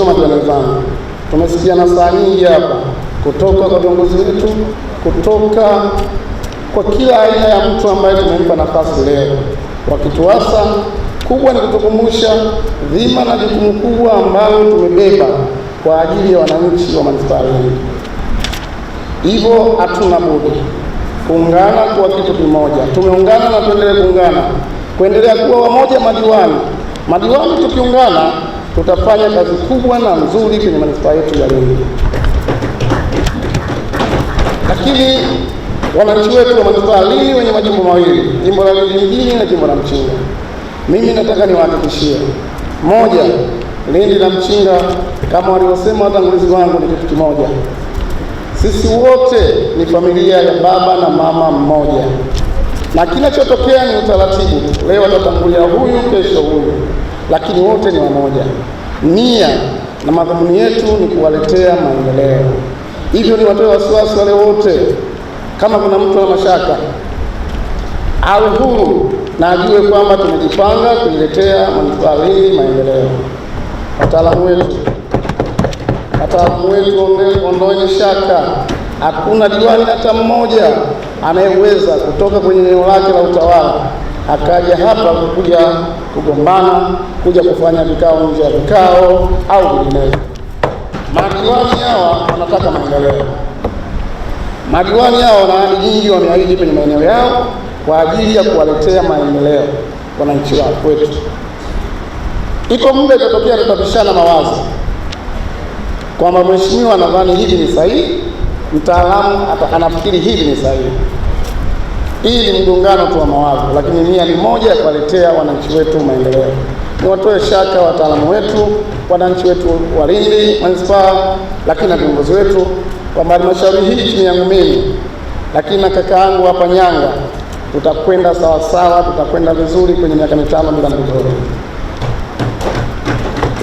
Waheshimiwa majirani tumesikia na saa nyingi hapa kutoka kwa viongozi wetu, kutoka kwa kila aina ya mtu ambaye tumempa nafasi leo, wakituasa kubwa ni kutukumbusha dhima na jukumu kubwa ambalo tumebeba kwa ajili ya wananchi wa manispaa hii. Hivyo hatuna budi kuungana kuwa kitu kimoja. Tumeungana na tuendelee kuungana, kuendelea kuwa wamoja madiwani. Madiwani tukiungana tutafanya kazi kubwa na nzuri kwenye manispaa yetu ya Lindi. Lakini wananchi wetu wa manispaa ya Lindi wenye majimbo mawili, jimbo la Lindi mjini na jimbo la Mchinga, mimi nataka niwahakikishie moja, Lindi na Mchinga kama walivyosema watangulizi wangu ni kitu kimoja. Sisi wote ni familia ya baba na mama mmoja, na kinachotokea ni utaratibu. Leo atatangulia huyu, kesho huyu lakini wote ni wamoja. Nia na madhumuni yetu ni kuwaletea maendeleo. Hivyo ni watoe wasiwasi wale wote, kama kuna mtu ana mashaka au huru, na ajue kwamba tumejipanga kuiletea manispaa hii maendeleo. Wataalamu wetu wataalamu wetu, ondoeni shaka, hakuna diwani hata mmoja anayeweza kutoka kwenye eneo lake la utawala akaja hapa kukuja kugombana, kuja kufanya vikao nje ya vikao au vinginevyo. Madiwani hawa wanataka maendeleo. Madiwani hawa wana wanaahidi nyingi, wameahidi kwenye maeneo yao kwa ajili ya kuwaletea maendeleo wananchi wao kwetu. Iko muda itatokea tutapishana mawazo kwamba mheshimiwa, nadhani hivi ni sahihi, mtaalamu anafikiri hivi ni sahihi hii ni mgongano tu wa mawazo, lakini nia ni moja ya kuwaletea wananchi wetu maendeleo. Niwatoe shaka wataalamu wetu, wananchi wetu wa Lindi manispaa, lakini na viongozi wetu kwamba halmashauri hii chini yangu mimi, lakini na kaka yangu hapa Nyanga, tutakwenda sawasawa, tutakwenda vizuri kwenye miaka mitano bila mgogoro.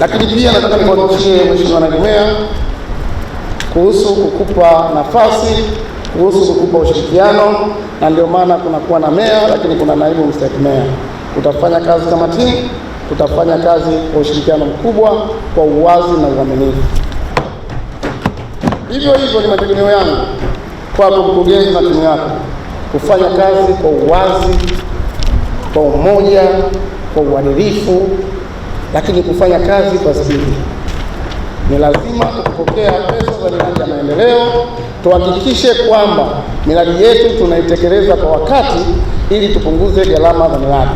Lakini pia nataka nikuhakikishie Mheshimiwa Naibu kuhusu kukupa nafasi kuhusu kukupa ushirikiano, na ndio maana kunakuwa na meya, lakini kuna naibu mstahiki meya. Tutafanya kazi kama timu, tutafanya kazi kwa ushirikiano mkubwa, kwa uwazi na uaminifu. Hivyo hivyo ni mategemeo yangu kwako mkurugenzi na timu yako kufanya kazi kwa uwazi, kwa umoja, kwa uadilifu, lakini kufanya kazi kwa spidi. Ni lazima tukipokea pesa za miradi ya maendeleo Tuhakikishe kwamba miradi yetu tunaitekeleza kwa wakati ili tupunguze gharama za miradi.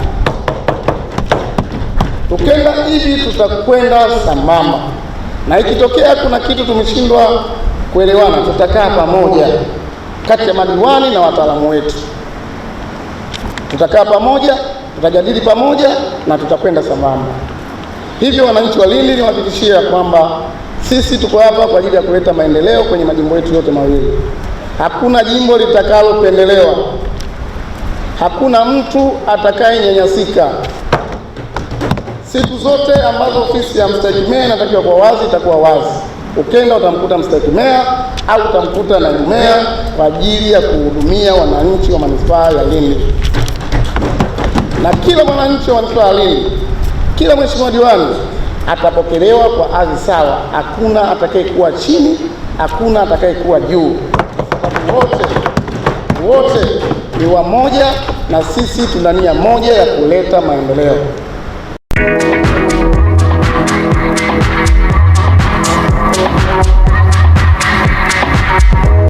Tukenda hivi, tutakwenda sambamba, na ikitokea kuna kitu tumeshindwa kuelewana, tutakaa pamoja kati ya madiwani na wataalamu wetu, tutakaa pamoja, tutajadili pamoja na tutakwenda sambamba. Hivyo wananchi wa Lindi niwahakikishie kwamba sisi tuko hapa kwa ajili ya kuleta maendeleo kwenye majimbo yetu yote mawili. Hakuna jimbo litakalopendelewa, hakuna mtu atakayenyanyasika. Siku zote ambazo ofisi ya mstahiki meya inatakiwa kuwa wazi itakuwa wazi. Ukenda utamkuta mstahiki meya au utamkuta naibu meya kwa ajili ya kuhudumia wananchi wa manispaa ya Lindi, na kila mwananchi wa manispaa ya Lindi, kila mheshimiwa diwani atapokelewa kwa ardhi sawa, hakuna atakayekuwa chini, hakuna atakayekuwa juu, sababu wote wote ni wamoja, na sisi tuna nia moja ya kuleta maendeleo.